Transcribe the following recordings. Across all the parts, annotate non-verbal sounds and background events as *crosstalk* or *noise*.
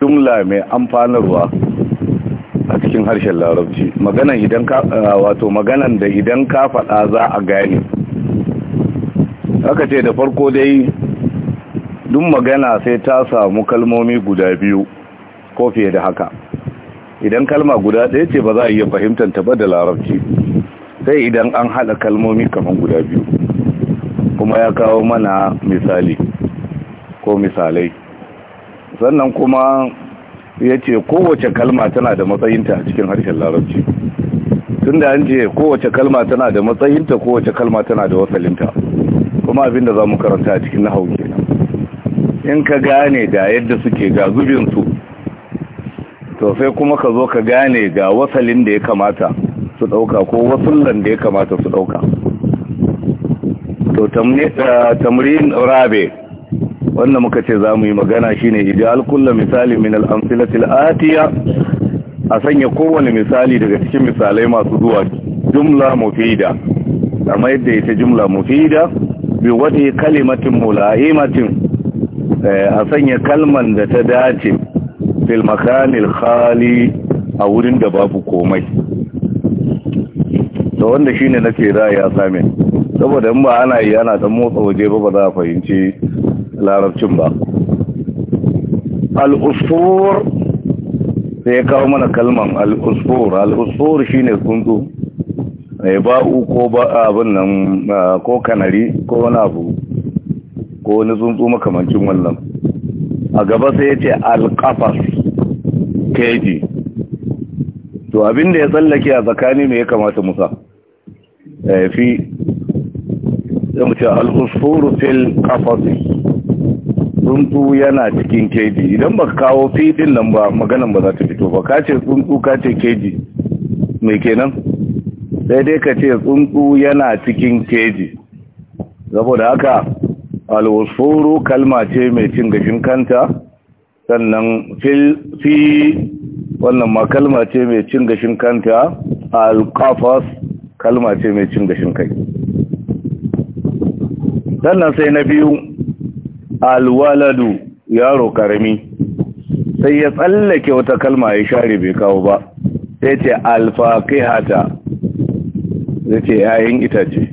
jumla mai amfanarwa a cikin harshen larabci maganan idan ka eh, wato maganan da idan ka faɗa za a gane aka ce da farko dai duk magana sai ta samu kalmomi guda biyu ko fiye da haka idan kalma guda ɗaya ce ba za a iya fahimtar ta ba da larabci sai idan an haɗa kalmomi kamar guda biyu kuma ya kawo mana misali ko misalai sannan kuma ya ce kowace kalma tana da matsayinta a cikin harshen larabci tun da an ce kowace kalma tana da matsayinta kowace kalma tana da wasalinta kuma abinda za mu karanta a cikin na na. in ka gane da yadda suke ga zubinsu to sai kuma ka zo ka gane ga wasalin da ya kamata su ɗauka ko wasullan da ya kamata su ɗauka to eh, tamrin rabe wanda muka ce za mu yi magana shi ne iji alkulla misali min al atiya a sanya kowane misali daga cikin misalai masu zuwa jumla mufida amma yadda ita jumla mafida bi wata kalimatin mulaimatin eh, a sanya kalman da ta dace fil makanil khali a wurin da babu komai to wanda shi shine nake za a samin saboda in ba ana yi ana motsa waje ba ba za a fahimci larabcin ba al'usfur sai ya kawo mana kalman al'usfur al'usfur shi ne tsuntsu mai ba'u ko abin nan ko kanari ko wani abu ko wani tsuntsu makamancin wannan a gaba sai ya ce alƙafas keji to abin da ya tsallake a tsakani mai ya kamata musa ya eh, fi ya mace al'usfur fil ƙafasi tsuntsu yana cikin keji idan ba kawo fi din nan ba maganan ba za ta fito ba ka ce tsuntsu ka ce keji mai kenan sai dai ka ce tsuntsu yana cikin keji saboda haka alwasoro kalma ce mai cin gashin kanta sannan fi wannan ma kalma ce mai cin gashin kanta alkafas kalma ce mai cin gashin kai sannan sai na biyu alwaladu yaro karami sai ya tsallake wata kalma ya share bai kawo ba sai ce alfaqihata zai ce yayin itace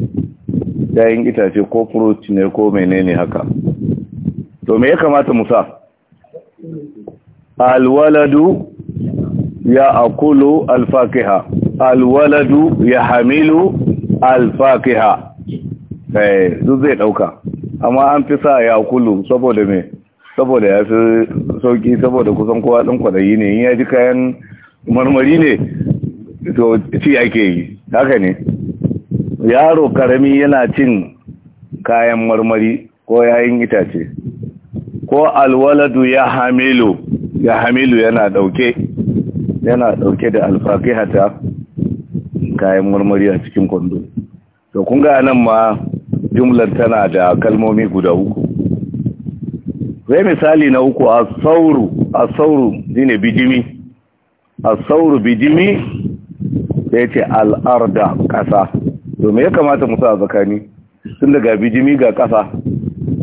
yayin itace ko fruit ne ko menene haka to me ya kamata musa alwaladu ya akulu alfaqiha alwaladu ya hamilu alfaqiha eh duk zai dauka amma an fi sa ya kulu saboda me saboda ya fi sauki saboda kusan kowa ɗin kwaɗayi ne in ya ji kayan marmari ne to ci ake yi haka ne yaro karami yana cin kayan marmari ko yayin itace ko alwaladu ya hamilu ya hamilu yana ɗauke yana ɗauke da hata kayan marmari a cikin kwando to kun ga nan ma jumlar tana da kalmomi guda uku sai misali na uku a sauru a sauru zine bijimi a sauru bijimi ya ce al'arda ƙasa domin ya kamata musa a tsakani sun daga bijimi ga ƙasa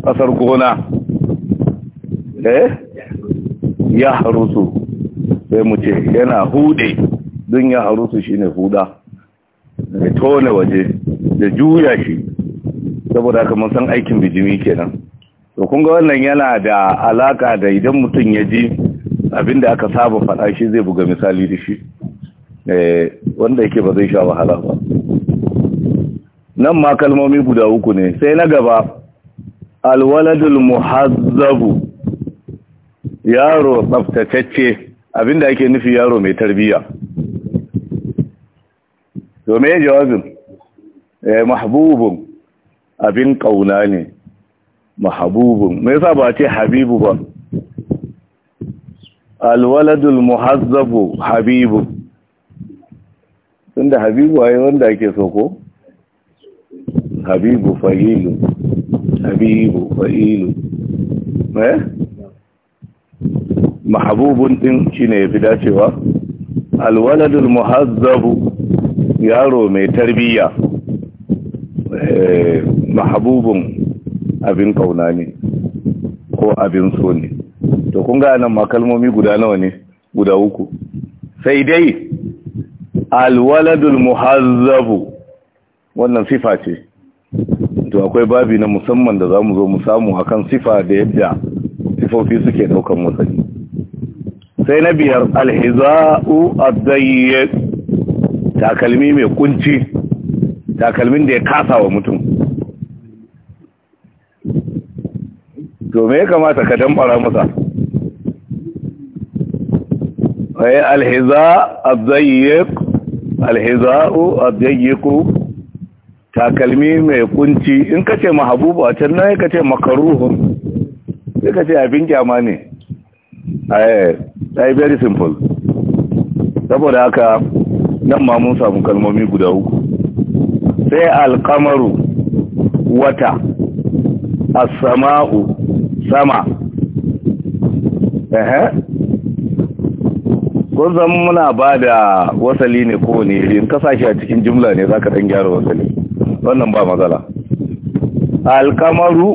ƙasar gona eh ya harusu sai mu ce yana hude don ya harusu ne huda mai tone waje da juya shi saboda haka mun san aikin bijimi kenan to kun ga wannan yana da alaka da idan mutum ya ji abinda aka saba faɗa shi zai buga misali da shi eh, wanda yake ba zai sha wahala ba nan ma kalmomi guda uku ne sai na gaba alwaladul muhazzabu yaro tsaftatacce abinda ake nufi yaro mai tarbiyya to me jawabin eh, mahbubun abin ƙauna ne mahabubun me yasa ba ce habibu ba alwaladul muhazzabu habibu tunda habibu ai wanda ake so ko habibu fa'ilu habibu fa'ilu eh mahabubun din shine yafi dacewa alwaladul muhazzabu yaro mai tarbiyya mahabubun abin kauna ne ko abin so ne to kun ga nan makalmomi guda nawa ne guda uku sai dai alwaladul muhazzabu wannan sifa ce to akwai babi na musamman da zamu zo mu samu akan sifa da yadda sifofi suke daukan musali sai na biyar alhiza'u adayyat takalmi mai kunci takalmin da ya kasa wa mutum to me ya kamata ka damfara masa ai alhiza abdayyiq alhiza'u abdayyiqu takalmi mai kunci in kace mahabubu a can nan kace makaruhun sai kace abin kyama ne ai very simple saboda haka nan ma mun samu kalmomi guda uku sai alkamaru wata as-sama'u sama ehe kun zan muna ba da wasali ne ko ne in kasashe a cikin jimla ne za ka ɗan gyara wasali wannan ba matsala alkamaru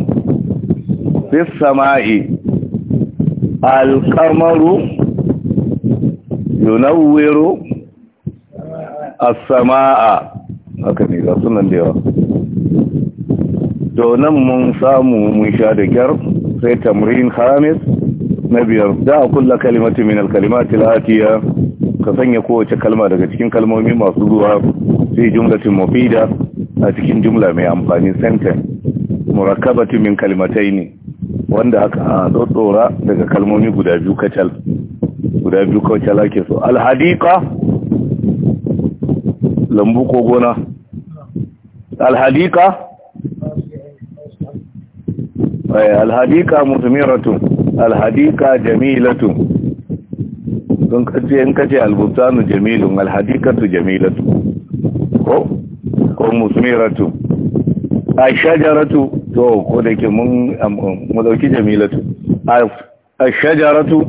fi sama'i alkamaru yunawwiru as-sama'a haka ne ga sunan da yawa to nan mun samu mun sha da kyar sai tamrin khamis na biyar da kulla kalimati min al-kalimati al ka sanya kowace kalma daga cikin kalmomi masu zuwa sai jumlatin mufida a cikin jumla mai amfani sentence murakabati min kalimataini wanda aka tsora daga kalmomi guda biyu kacal guda biyu kacal ake so alhadiqa lambu ko gona alhadiqa Eh, alhadika musmiratun alhadika jamilatun sun kace in kace albustanu jamilun alhadikatu jamilatu ko ko musmiratu ashajaratu to ko da ke mun mu dauki jamilatu ashajaratu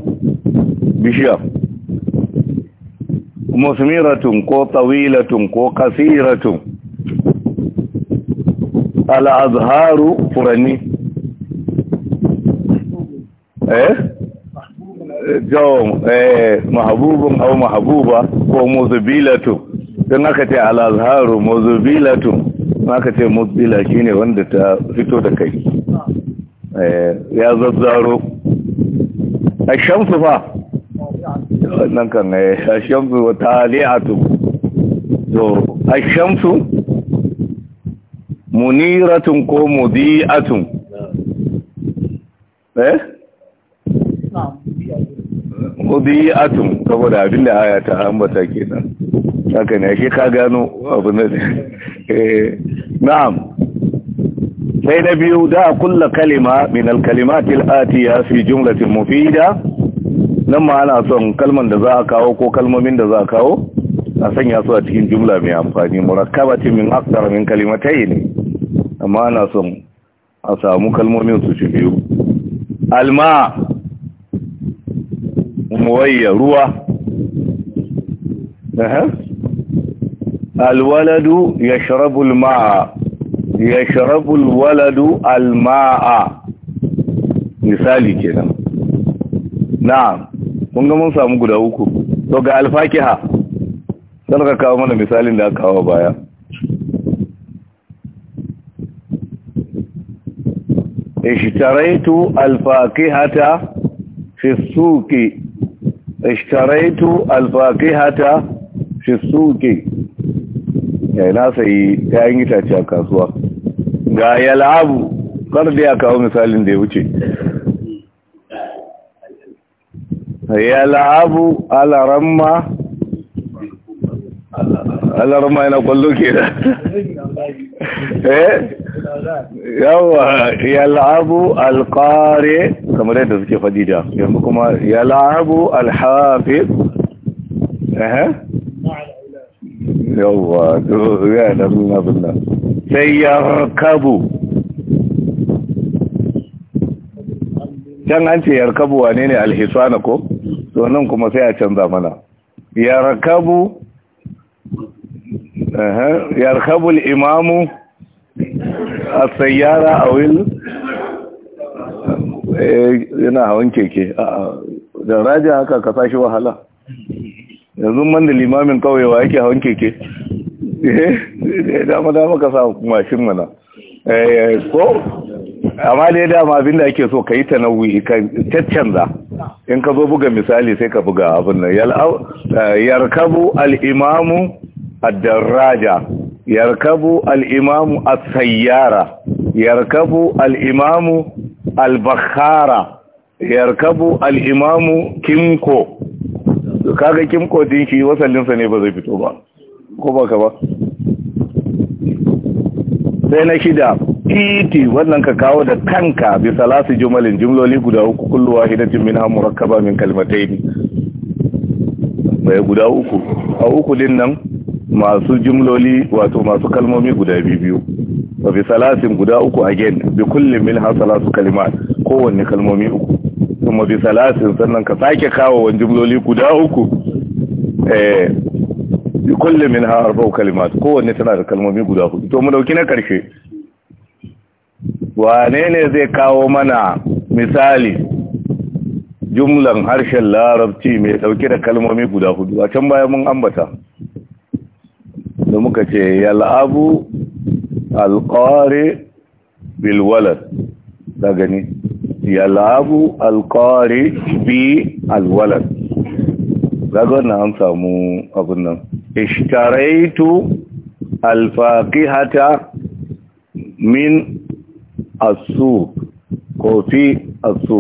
bishiya musmiratun ko tawilatun ko kasiratun al-azharu furani eh jawon eh mahabubun au mahabuba ko muzubilatu don aka ce al'azharu muzubilatu aka ce muzbila shine wanda ta fito da kai eh, ya zazzaro a shamsu fa nan kan eh, a shamsu wa tali'atu to a shamsu muniratun ko mudi'atun eh mudi'atun saboda abin da aya ta ambata kenan haka ne ake ka gano abin da eh, na'am sai na biyu da kulla kalima min alkalimatil atiya fi jumlatin mufida nan ma ana son kalman da za a kawo ko kalmomin da za a kawo a sanya su a cikin jumla mai amfani murakkabati min akthar min kalimatai ne amma ana son a samu kalmomin su biyu alma muwayya ruwa alwaladu ya sharabul ma'a ya sharabul waladu alma'a misali kenan na'am Mun ga mun samu guda uku to ga alfakiha sai ka kawo mana misalin da aka kawo baya ishtaraitu alfakihata fi suqi ishtaraitu alfaqihata fi suqi kayan itace a kasuwa ga yal'abu kar da kawo misalin da ya wuce yal'abu ala yana kwallo kenan Eh? yawa yal'abu alƙare kamar yadda suke faɗi da yanzu kuma yal'abu alhafiz yawa to ya da suna sunna sai yarkabu can an ce yarkabu wane ne na ko to nan kuma sai a canza mana yarkabu yarkabul imamu a sayyara a eh, yana hawan keke da haka ka sashi wahala yanzu man yake hawan keke eh, eh, dama dama ka sa mashin mana ko amma dai dama abin da ake so ka yi tanawuyi ka caccanza in ka zo buga misali sai ka buga abin nan yarkabu al'imamu الدراجه يركب الامام السياره يركب الامام البخاره يركب الامام كيمكو kaga kimko din shi sa ne ba zai fito ba ko ba ka ba sai na shida titi wannan ka kawo da kanka bi salasu jumalin jumloli guda uku kullu wahidatin min murakkaba min ne. bai guda uku a uku din nan masu jumloli wato masu kalmomi guda biyu wa bi salasin guda uku again bi kulli hasala su kalimat kowanne kalmomi uku kuma bi salasin sannan ka sake kawo wani jumloli guda uku eh bi kulli uku kalima, kalimat kowanne tana da kalmomi guda hudu to mu dauki na karshe wane ne zai kawo mana misali jumlan harshen larabci mai dauke da kalmomi guda hudu a can baya mun ambata da muka ce yal'abu alƙari bilwalar da gani yal'abu alƙari bi alwalar daga wannan an samu abin nan ishtaraitu alfaƙihata min asu ko fi asu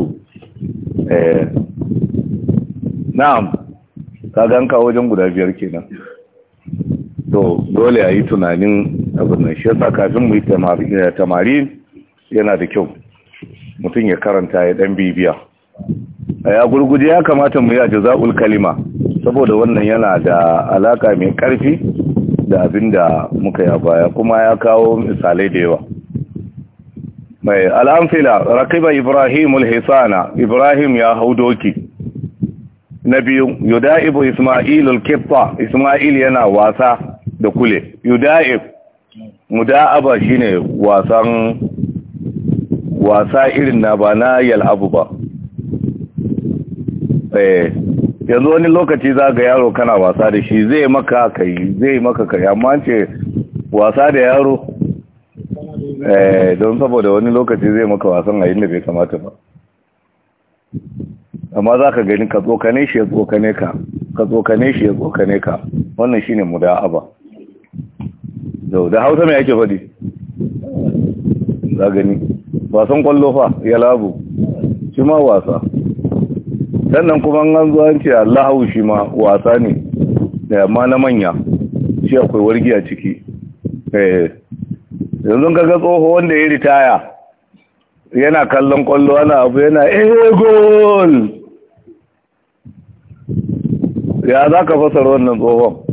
eh na'am kaganka wajen guda biyar kenan dole a yi tunanin abin nan shi yasa kafin mu yi tamari eh, yana da kyau mutum ya karanta ya dan bibiya a ya gurguje ya kamata mu yi ajza'ul kalima saboda wannan yana da alaka mai karfi da abin da muka ya baya kuma ya kawo misalai da yawa mai al'amfila rakiba ibrahim ulhisana ibrahim ya hau doki na biyu yoda isma'il al isma'il yana wasa da kule yuda'ib muda'aba shine wasan wasa irin na ba na yal'abu ba eh yanzu wani lokaci za ga yaro kana wasa da shi zai maka kai zai maka kai amma ce wasa da yaro eh don saboda wani lokaci zai maka wasan a inda bai kamata ba amma za ka gani ka tsokane shi ya tsokane ka ka tsokane shi ya tsokane ka wannan ne muda'aba da hausa mai yake faɗi za gani wasan kwallo fa ya labu shi ma wasa sannan kuma an zuwa ce Allah hau shi ma wasa ne da yamma na manya shi akwai wargi a ciki eh. yanzu kaga tsoho wanda ya ritaya yana kallon kwallo ana abu yana egol. Eh, gol ya za ka fasar wannan tsohon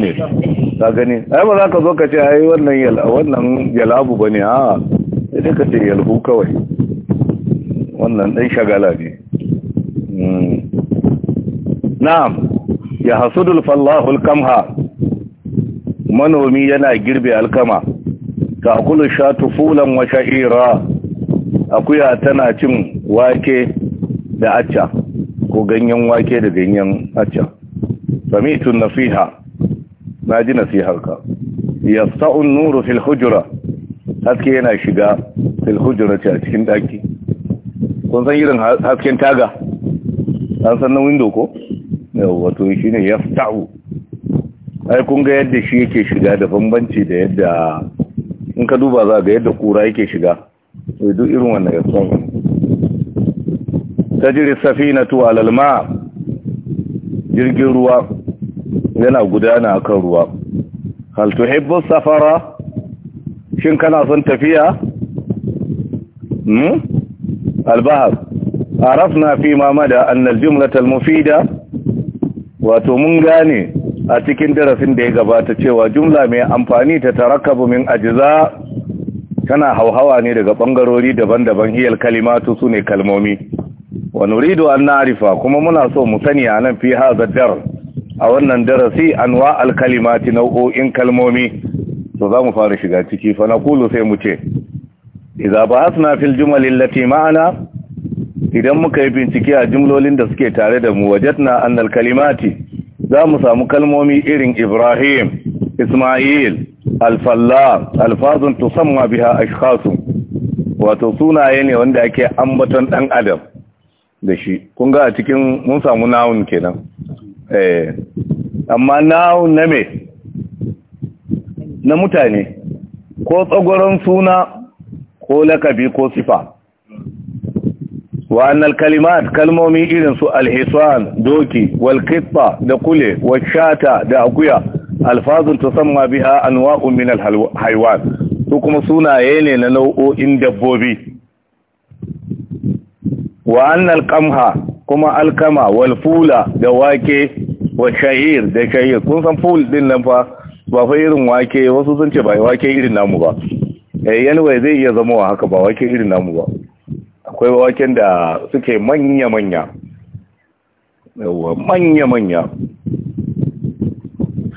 ne ka gani ai ba za ka zo ka ce ai wannan wannan yalabu bane a sai ka ce yalhu kawai wannan ɗan shagala ne hmm. na'am ya hasudul fallahu alkamha manomi yana girbe alkama ta akulu shatu fulan wa sha'ira akuya tana cin wake da acca ko ganyen wake da ganyen acca sami'tu Nafiha. na ji nasiharka sa'un nuru filhujura haske yana shiga filhujura ce a cikin daki kun san irin hasken taga an san na window ko wato shine sa'u ai kun ga yadda shi yake shiga da bambanci da yadda in ka duba za ga yadda kura yake shiga sai duk irin wannan yasta'u tajri safina tuwa lalma jirgin ruwa yana gudana akan ruwa Haltu tuhibbu safara shin kana son tafiya hmm albahar na fi ma mada annal jumlatal mufida wato mun gane a cikin darasin da ya gabata cewa jumla mai amfani ta tarakkabu min tana hauhawa ne daga bangarori daban-daban hiyar kalimatu sune kalmomi wa nuridu an na'rifa kuma muna so mu sani nan fi haza dar a wannan darasi an wa alkalimati nau'o'in kalmomi to za mu fara shiga ciki fa na kulu sai mu ce idza ba'athna fil jumal lati ma'ana idan muka yi bincike a jumlolin da suke tare da mu wajadna annal kalimati za mu samu kalmomi irin Ibrahim Ismail alfalla alfazun tusamma biha ashkhasun wato sunaye ne wanda ake ambaton dan adam da shi kun ga a cikin mun samu nawun kenan Eh. amma na na me na mutane ko tsagoron suna ko lakabi ko sifa wa'annal kalimat kalmomi irin su alhisan doki wal da kule Washata da akuya alfazun samma biha anwa'un min al haywan su kuma sunaye ne na nau'o'in dabbobi Wa'annan qamha kuma alkama wal fula da wake wa shahir da shahir kun san ful din nan fa ba fa irin wake wasu sun ce ba wake irin namu ba eh yanwa zai iya zama haka ba wake irin namu ba akwai waken da suke manya manya yawa manya manya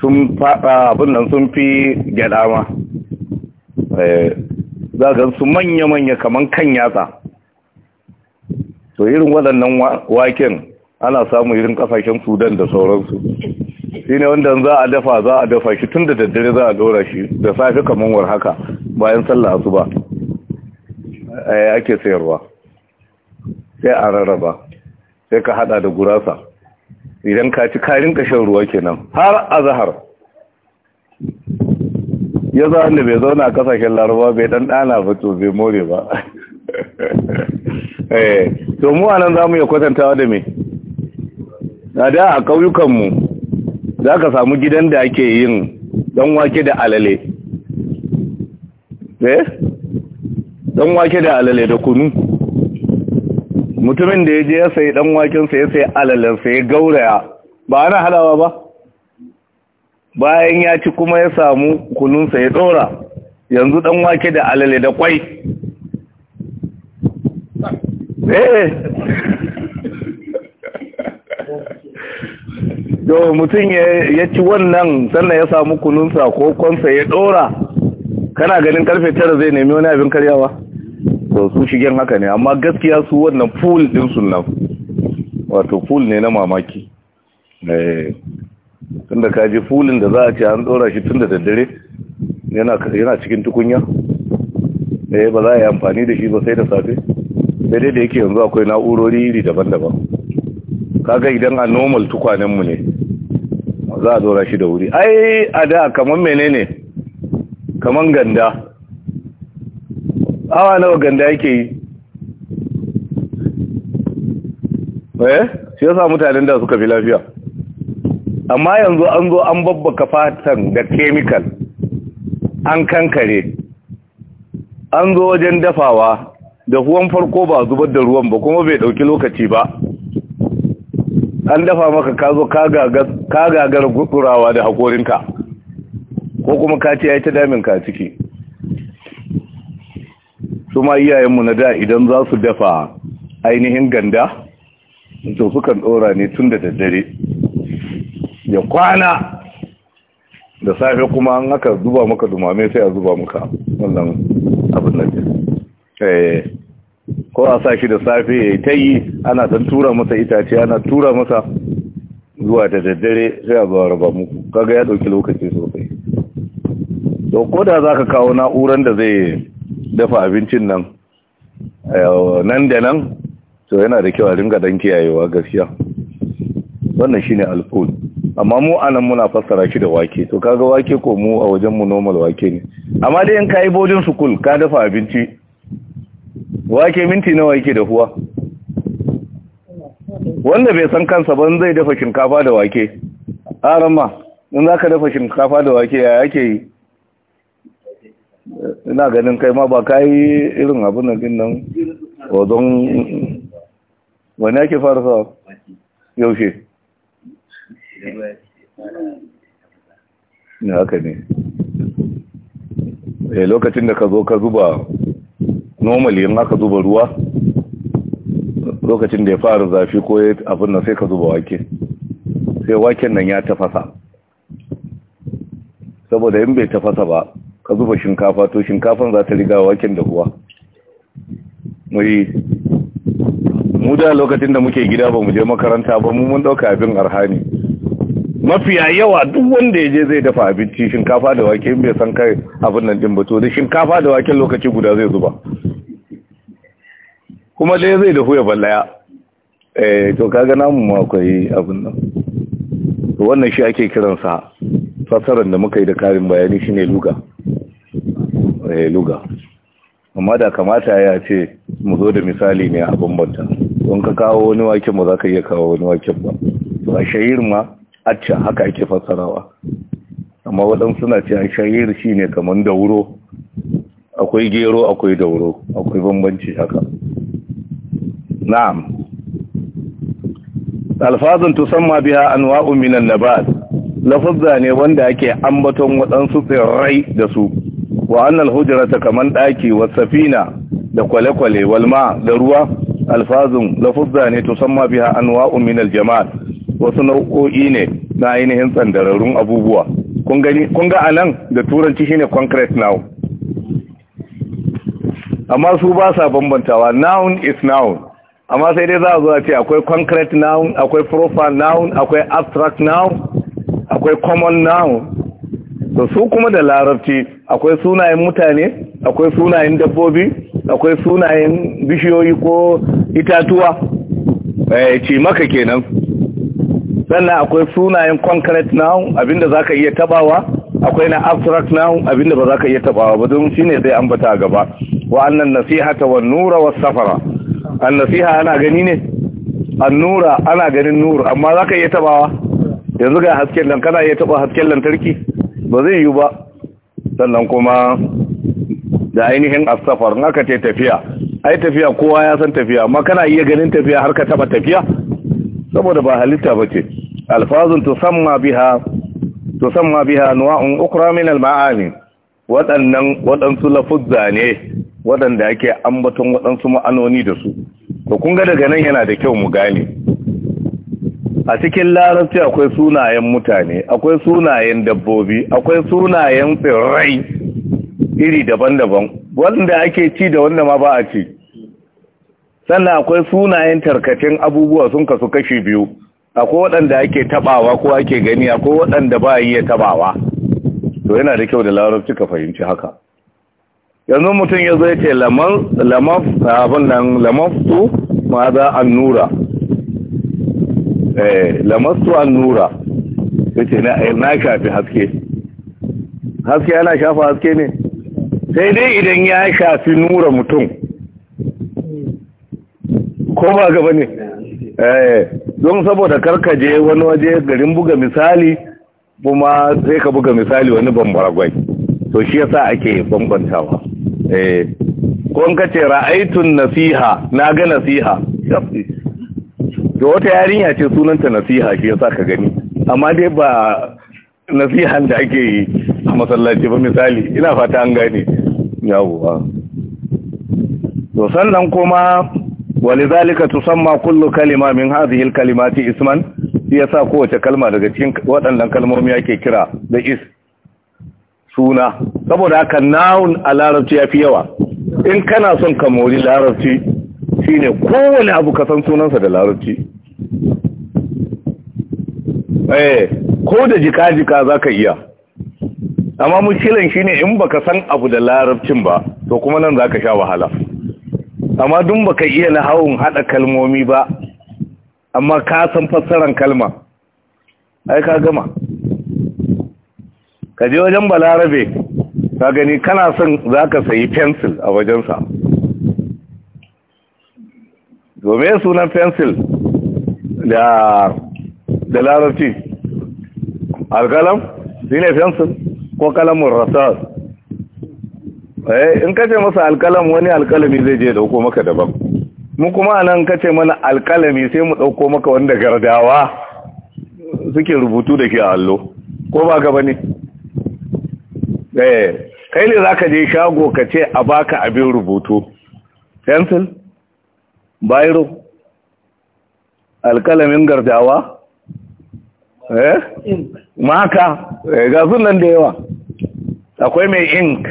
sun fada abin nan sun fi gada ma eh za ga su manya manya kaman kan yatsa to irin waɗannan waken ana samun irin ƙasashen sudan da sauransu shi ne wanda za a dafa za a dafa shi tun da daddare za a dora shi da safe kamar war haka bayan sallah su ba. yi ake sayarwa sai a rarraba sai ka hada da gurasa idan ka ci karin kashin ruwa kenan har a zahar ya za wanda bai zauna a kasashen laraba bai dan dana fito bai more ba *laughs* eh, to mu anan za mu iya kwatantawa da me na da a ƙauyukanmu za ka samu gidan da ake yin ɗan wake da alale eh ɗan wake da alale da kunu mutumin da ya je ya sayi ɗan sai ya sayi alalensa ya gauraya ba ana halawa ba bayan ya ci kuma ya samu kununsa ya ɗora yanzu ɗan wake da alale da kwai yau eh. mutum ya ci wannan sannan ya samu kununsa ko kwansa ya ɗora, kana ganin karfe tara zai nemi wani abin karyawa to su shigen haka ne amma gaskiya su wannan pool ɗin sunan wato pool ne na mamaki eh. tunda da kaji fulin da za a ce an ɗora shi tun da daddare yana cikin tukunya eh ba za a yi amfani da shi ba sai da safe daidai da yake yanzu akwai na'urori iri daban-daban kaga idan a normal tukwanenmu ne za a zora shi da wuri ai a da kamar menene kamar ganda awa nawa ganda yake yi eh shi yasa mutanen da suka fi lafiya amma yanzu an zo an babbaka fatan da chemical an kankare an zo wajen dafawa da ruwan farko ba zubar da ruwan ba kuma bai dauki lokaci ba an dafa maka ka zo ka gagar gudurawa da hakorinka ko kuma ka ce ya yi ta daminka ciki su ma iyayenmu na da idan za su dafa ainihin ganda to sukan ɗora ne tun da daddare ya kwana da safe kuma an haka zuba maka dumame sai a zuba maka wannan abin da ke eh. ko a sa shi da safe ya ta yi ana don tura masa itace ana tura masa zuwa da daddare sai a zuwa raba muku kaga ya ɗauki lokaci sosai to ko da za ka kawo na'uran da zai dafa abincin nan eh, nan da nan to yana da kyau a ringa dan kiyayewa gaskiya wannan ne Alfon, amma mu anan muna fassara shi da wake to kaga wake ko mu a wajen mu normal wake ne amma dai in ka yi bojin sukul ka dafa abinci wake minti nawa yake da huwa? wanda bai san kansa ban zai dafa shinkafa da wake arama in za ka dafa shinkafa da wake ya yake yi ina ganin kai ma ba ka yi irin abin da din nan wadon wani ake fara sa yaushe ne haka ne eh, lokacin da ka zo ka zuba normally in aka zuba ruwa lokacin da ya fara zafi ko ya abin nan sai ka zuba wake sai waken nan ya tafasa saboda in bai tafasa ba ka zuba shinkafa to shinkafan za ta riga waken da kuwa muri mu da lokacin da muke gida ba mu je makaranta ba mu mun dauka abin arhani mafiya yawa duk wanda ya je zai dafa abinci shinkafa da wake in bai san kai abin nan din ba to da shinkafa da waken lokaci guda zai zuba kuma ɗaya zai dahu ya ballaya eh to kaga namu akwai abin nan to wannan shi ake kiransa fasarar da muka yi da karin bayani shine luga eh luga amma da kamata ya ce mu zo da misali ne a bambanta don ka kawo wani waken ba za ka iya kawo wani waken ba to a shahir ma acca haka ake fassarawa amma waɗansu suna ce a shahir shine kamar dauro akwai gero akwai dauro akwai bambanci haka na'am alfazun tusamma biya anwa'u minan nabat lafazza ne wanda ake ambaton su tsirrai da su wa annal hujrata kaman daki wa safina da kwale-kwale walma da ruwa alfazun lafazza ne tusamma biya anwa'u minal jamal wasu nau'o'i ne na ainihin tsandararrun abubuwa kun gani kun ga anan da turanci shine concrete now amma su ba sa bambantawa noun is noun amma sai dai za a zo a ce akwai concrete noun akwai proper noun akwai abstract noun akwai common noun to su kuma da larabci akwai sunayen mutane akwai sunayen dabbobi akwai sunayen bishiyoyi ko itatuwa eh, ce maka kenan sannan akwai sunayen concrete noun abinda za ka iya tabawa akwai na abstract noun abinda ba za ka iya tabawa ba don shine zai ambata gaba wa'annan nasihata wan nura was safara annasiha ana gani ne annura ana ganin nur amma za ka iya tabawa yanzu ga hasken nan kana iya taba hasken lantarki ba zai yi ba sannan kuma da ainihin asafar na aka ce tafiya ai tafiya kowa ya san tafiya amma kana iya ganin tafiya har ka taba tafiya saboda ba halitta ba ce alfazun tusamma biha tusamma biha anwa'un ukra min al-ma'ani waɗannan waɗansu lafuzza ne waɗanda ake ambaton waɗansu ma'anoni da su to kun daga nan yana da kyau mu gane a cikin larabci akwai sunayen mutane akwai sunayen dabbobi akwai sunayen tsirrai iri daban-daban wanda ake ci da wanda ma ba a ci sannan akwai sunayen tarkacin abubuwa sun kasu kashi biyu akwai waɗanda ake tabawa ko ake gani akwai waɗanda ba iya tabawa to yana da kyau da larabci ka fahimci haka yanzu mutum ya zai ce lamastu ma za an nura eh lamastu an nura ya ce eh, na shafi haske haske yana shafa haske ne sai dai idan ya shafi nura mutum ko ba gaba ne eh don saboda karkaje wani waje garin buga misali kuma sai ka buga misali wani bambaragwai to shi yasa ake bambantawa eh ko in ra'aitun nasiha na ga nasiha Da wata yarinya ce sunanta nasiha shi sa ka gani amma dai ba nasihan da ake yi a masallaci ba misali ina fata an gane yawwa to sannan kuma walizalika tusamma kullu kalima min hadhihi kalimati isman ya sa kowace kalma daga cikin waɗannan kalmomi ake kira da is suna saboda haka na'un a larabci ya fi yawa in kana son ka mori larabci shine kowane abu ka san sunansa da larabci eh, ko da jika-jika za ka iya amma shi shine in baka san abu da larabcin ba to kuma nan za ka sha wahala amma dun baka iya na lahawun haɗa kalmomi ba amma ka san fassaran kalma ai ka gama ka je wajen balarabe ka gani kana son za ka sayi fensil a wajensa domin sunan fensil da larabci alkalam shi ne fensil ko kalamun rasar eh, in kace masa alkalam wani alkalami zai je dauko maka daban mu kuma nan kace mana alkalami sai mu dauko maka wanda gardawa suke rubutu da ke allo ko ba ka bane Eh, kai ne za ka je shago ka ce a baka abin rubutu pencil biro alkalamin gardawa eh maka eh, ga nan da yawa akwai mai ink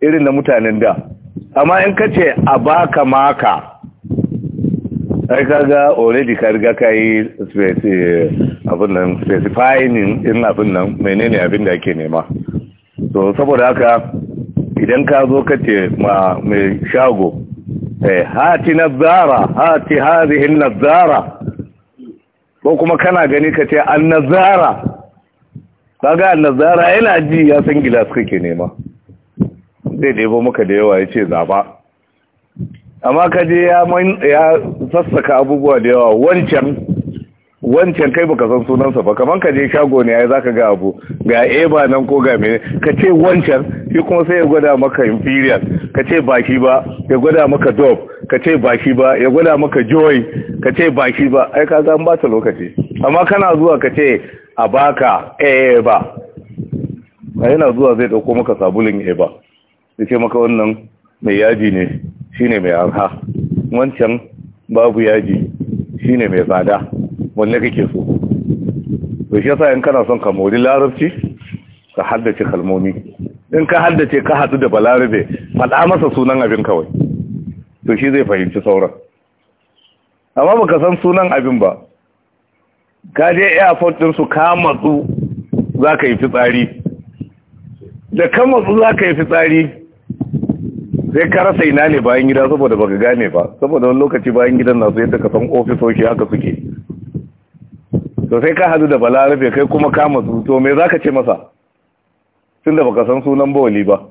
irin da mutanen da amma in ka ce a baka maka ai kaga already ka riga ka yi abin nan specifying in abin nan menene abin da ake nema to saboda haka idan ka zo ka ce mai shago eh, hati nazara hati hazihin nazara ko kuma kana gani ka ce an nazara kaga an nazara yana ji ya san gilas kake nema zai ɗebo maka da yawa ya ce zaba amma ka je ya sassaka abubuwa da yawa wancan wancan kai baka san sunansa ba kamar ka je shago ne ai zaka ga abu ga eba nan ko ga mene ka ce wancan shi kuma sai ya gwada maka imperial ka ce ba shi ba ya gwada maka dop ka ce ba ba ya gwada maka joy ka ce ba ba ai ka ga an bata lokaci amma kana zuwa ka ce a baka eba a yana zuwa zai dauko maka sabulin ba. ya ce maka wannan mai yaji ne shine mai arha wancan babu yaji shine mai tsada wanne kake so to shi yasa in kana son ka mori larabci ka haddace kalmomi in ka haddace ka hadu da balarabe faɗa masa sunan abin kawai to shi zai fahimci sauran amma baka san sunan abin ba ka je airport din su ka matsu zaka yi fitsari da ka matsu zaka yi fitsari sai ka rasa ina ne bayan gida saboda baka gane ba saboda wani lokaci bayan gidan na sai ka san ofisoshi haka suke to sai ka hadu da balarabe kai kuma kama matsu to me za ka ce masa tun da baka san sunan boli ba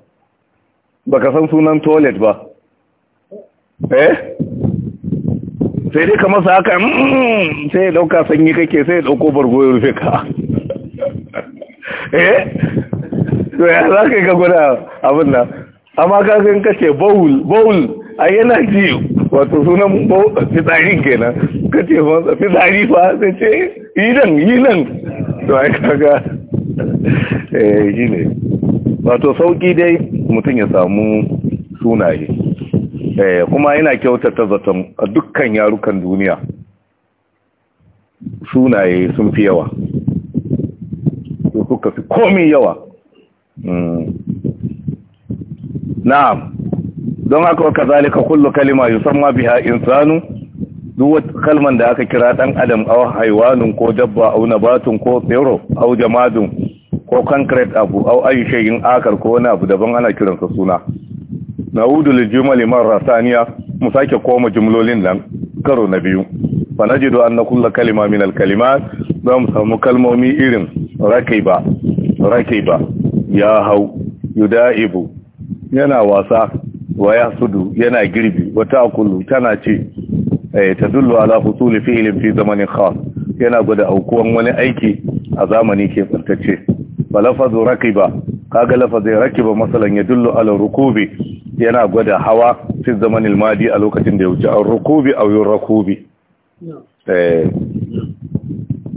baka san sunan toilet ba eh sai dai ka masa haka mm, mm, mm, sai ya dauka sanyi kake sai ya dauko bargo ya rufe ka *laughs* eh to ya za ka yi ka gwada abin nan amma ka kashe bowl bowl a yana ji wato sunan fitsarin kenan kace masa fitsari fa sai ce yi nan yi nan to ai kaga eh yi ne wato sauki dai mutum ya samu sunaye eh kuma yana kyautata zaton a dukkan yarukan duniya sunaye sun fi yawa to suka fi komai yawa hmm. na'am don haka wa kazalika kullu kalima yusamma biha insanu duk kalman da aka kira dan adam aw haiwanun ko dabba aw nabatun ko tsiro aw jamadun ko concrete abu aw ayi shay'in akar ko wani abu daban ana kiransa suna na'udul jumali marra thaniya mu sake koma jumlolin nan karo na biyu fa najidu anna kull kalima min al kalimat mu samu kalmomi irin rakiba rakiba ya hau yudaibu yana wasa wa yasudu yana girbi wata akulu tana ce Eh, tadullu ala husuli fi'lin fi zamanin khas yana gwada aukuwan wani aiki a zamani ke fantacce ba lafazu rakiba kaga lafazai rakiba masalan yadullu ala rukubi yana gwada hawa fi zamanin madi a lokacin da ya wuce an rukubi a yin rukubi eh.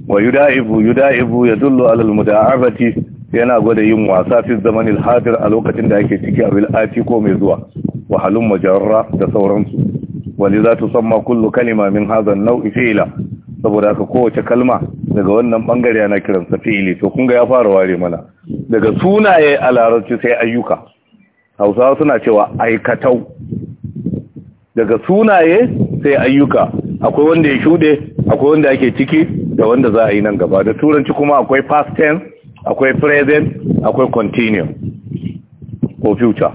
wa yuda'ibu yuda'ibu yadullu ala almuda'abati yana gwada yin wasa fi zamanin hadir a lokacin da ake ciki a bil'ati ko mai zuwa wa halun majarra da sauransu wani za ta samma kullu kalima min hazan nau'i fi'ila saboda haka kowace kalma daga wannan bangare ana kiransa fi'ili to kun ga ya fara ware mana daga sunaye a larabci sai ayyuka hausawa suna cewa aikatau daga sunaye sai ayyuka akwai wanda ya shuɗe akwai wanda ake ciki da wanda za a yi nan gaba da turanci kuma akwai past tense akwai present akwai continue, ko future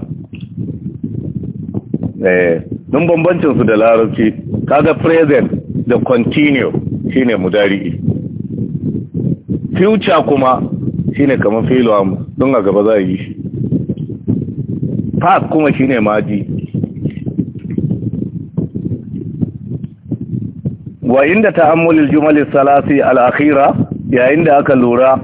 eh. don bambancinsu da larabci kaga present da continue shine mudari'i future kuma shine kamar filo amu don a gaba za a yi shi past kuma shine maji wa inda ta'ammulil jumalil salasi al-akhira yayin da aka lura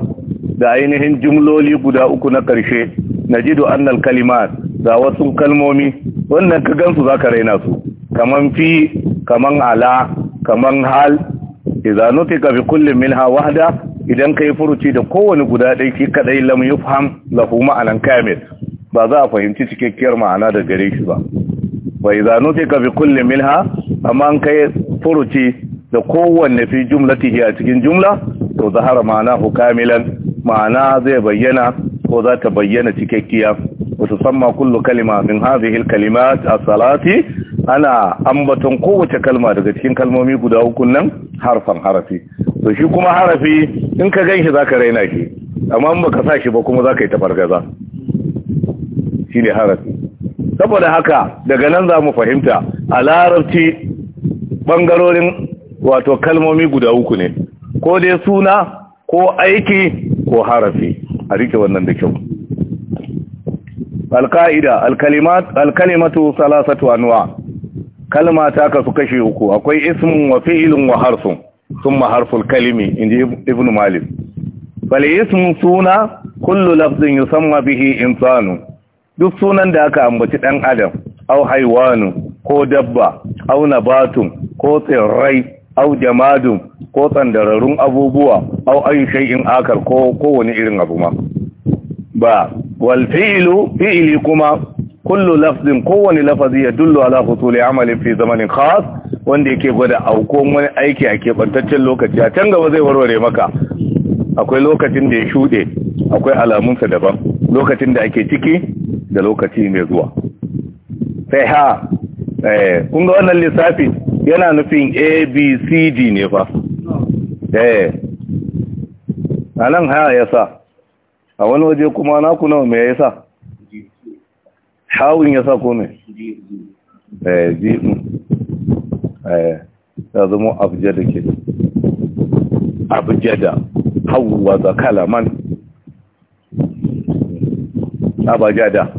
da ainihin jumloli guda uku na karshe najidu annal kalimat da wasu kalmomi wannan ka gansu za ka raina su kaman fi kaman ala kaman hal izanuti ka fi kullum min wahda idan ka yi furuci da kowane guda ɗai shi kaɗai lam yufham lafu ma'anan kamil ba za a fahimci cikakkiyar ma'ana da gare shi ba wa izanuti ka fi kullum min amma an yi furuci da kowane fi jumlatihi a cikin jumla to zahara ma'ana kamilan ma'ana zai bayyana ko za ta bayyana cikakkiya tusamma kullu kalima min hadhihi al-kalimat salati ana ambaton kowace kalma daga cikin kalmomi guda uku nan harfan harafi to shi kuma harafi in ka ganshi zaka raina shi amma in baka sashi ba kuma zaka yi tafargaza ne harafi saboda haka daga nan za mu fahimta a larabci bangarorin wato kalmomi guda uku ne ko dai suna ko aiki ko harafi a rike wannan da kyau alƙa'ida alkalimatu salasatu anuwa kalma ta kasu kashe uku akwai ismin wa fi'ilin wa harsun sun maharful kalimi in ibn malik bale ismin suna kullu lafzin yusamma bihi insanu duk sunan da aka ambaci ɗan adam au haiwanu ko dabba au nabatun ko tsirrai au jamadun ko tsandararrun abubuwa au ayi shay'in akar ko kowane irin abu ba wal fi'ili kuma kullu lafzin kowane lafazi ya dullu ala husuli amali fi zamanin wanda yake gwada aukon wani aiki a keɓantaccen lokaci a can gaba zai warware maka akwai lokacin da ya shuɗe akwai alamunsa daban lokacin da ake ciki da lokaci mai zuwa sai ha eh, kun ga wannan lissafi yana nufin abcd ne fa eh, A nan ha ya sa a wani waje kuma ku nawa me yasa hawun yasa ko me eh ji'un eh, ya zama abjada ke abjada hawwa za kalaman abajada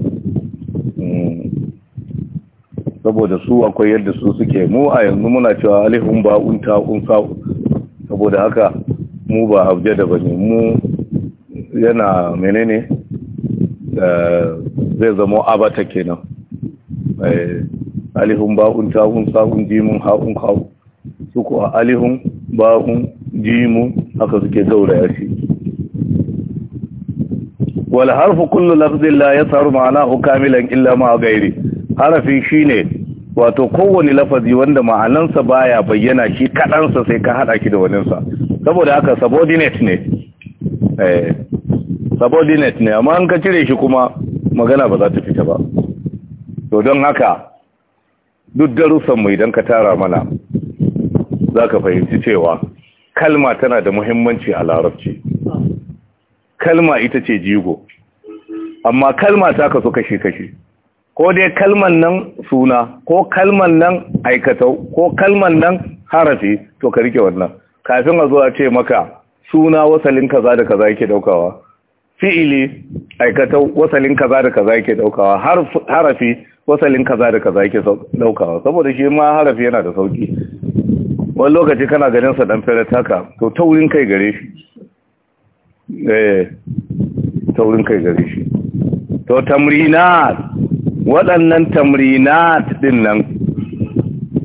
hmm. saboda su akwai yadda su suke mu a yanzu muna cewa alihun ba'unta unsa saboda haka mu ba abjada ba ne mu yana menene eh, zai zamo abata kenan eh, alihun ba'un ta'un sa'un jimun ha'un ha'un su kuwa alihun ba'un jimun haka suke gauraya shi wal harfu kullu lafzin la ma'ana ma'anahu kamilan illa ma gairi harafi shi ne, wato kowane lafazi wanda ma'anansa baya bayyana shi kaɗansa sai ka hada shi da waninsa saboda haka subordinate ne eh, subordinate ne amma an ka cire shi kuma magana ba za ta fita ba to don haka duk darussan mu idan ka tara mana za ka fahimci cewa kalma tana da muhimmanci a larabci kalma ita ce jigo amma kalma ta kaso kashe kashe ko dai kalman nan suna ko kalman nan aikatau ko kalman nan harafi to ka rike wannan kafin a zuwa ce maka suna wasalin kaza da kaza yake daukawa fi'ili aikatau wasalin kaza da kaza yake daukawa harafi wasalin kaza da kaza yake daukawa saboda shi ma harafi yana da sauki wani lokaci kana ganin sa dan fere taka to taurin kai gare shi eh taurin kai gare shi to tamrinat waɗannan tamrinat din nan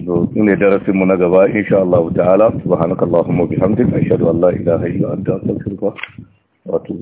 to ne darasin mu na gaba insha Allah ta'ala subhanakallahumma bihamdika ashhadu an la ilaha illa anta astaghfiruka wa atubu